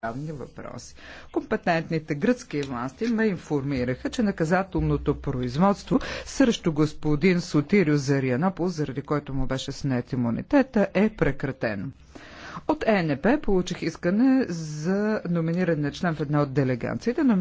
правни въпроси. Компетентните гръцки власти ме информираха, че наказателното производство срещу господин Сотирио Зарианопол, заради който му беше снет имунитета, е прекратено. От ЕНП получих искане за номиниране на член в една от делегациите.